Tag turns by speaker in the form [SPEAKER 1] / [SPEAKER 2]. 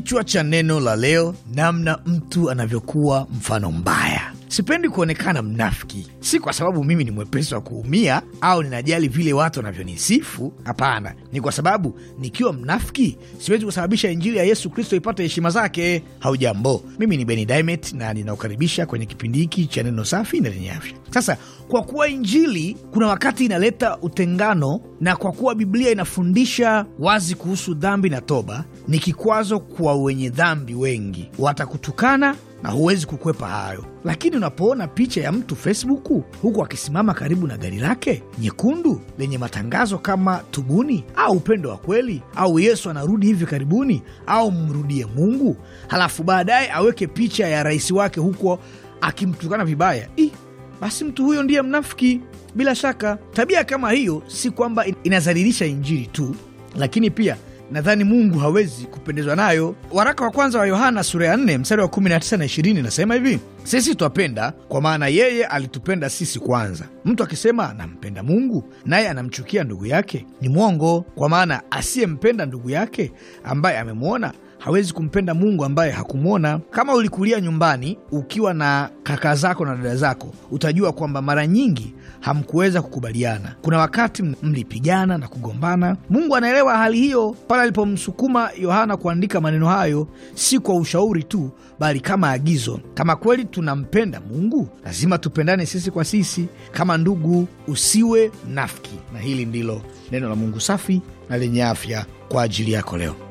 [SPEAKER 1] Kichwa cha neno la leo, namna mtu anavyokuwa mfano mbaya. Sipendi kuonekana mnafiki, si kwa sababu mimi ni mwepesi wa kuumia au ninajali vile watu wanavyonisifu. Hapana, ni kwa sababu nikiwa mnafiki siwezi kusababisha injili ya Yesu Kristo ipate heshima zake. Haujambo, mimi ni Beni Dimet na ninakukaribisha kwenye kipindi hiki cha neno safi na lenye afya. Sasa, kwa kuwa injili kuna wakati inaleta utengano na kwa kuwa Biblia inafundisha wazi kuhusu dhambi na toba, ni kikwazo kwa wenye dhambi wengi. Watakutukana na huwezi kukwepa hayo. Lakini unapoona picha ya mtu Facebooku huku akisimama karibu na gari lake nyekundu lenye matangazo kama tubuni au upendo wa kweli au Yesu anarudi hivi karibuni au mrudie Mungu, halafu baadaye aweke picha ya rais wake huko akimtukana vibaya, ih, basi mtu huyo ndiye mnafiki. Bila shaka tabia kama hiyo si kwamba inazalilisha Injili tu, lakini pia nadhani Mungu hawezi kupendezwa nayo. Waraka wa kwanza wa Yohana sura ya 4 mstari wa 19 na 20 nasema hivi: sisi twapenda kwa maana yeye alitupenda sisi kwanza. Mtu akisema anampenda Mungu naye anamchukia ndugu yake ni mwongo, kwa maana asiyempenda ndugu yake ambaye amemwona hawezi kumpenda Mungu ambaye hakumwona. Kama ulikulia nyumbani ukiwa na kaka zako na dada zako, utajua kwamba mara nyingi hamkuweza kukubaliana. Kuna wakati mlipigana na kugombana. Mungu anaelewa hali hiyo pale alipomsukuma Yohana kuandika maneno hayo, si kwa ushauri tu, bali kama agizo. Kama kweli tunampenda Mungu, lazima tupendane sisi kwa sisi kama ndugu, usiwe mnafiki. Na hili ndilo neno la Mungu safi na lenye afya kwa ajili yako leo.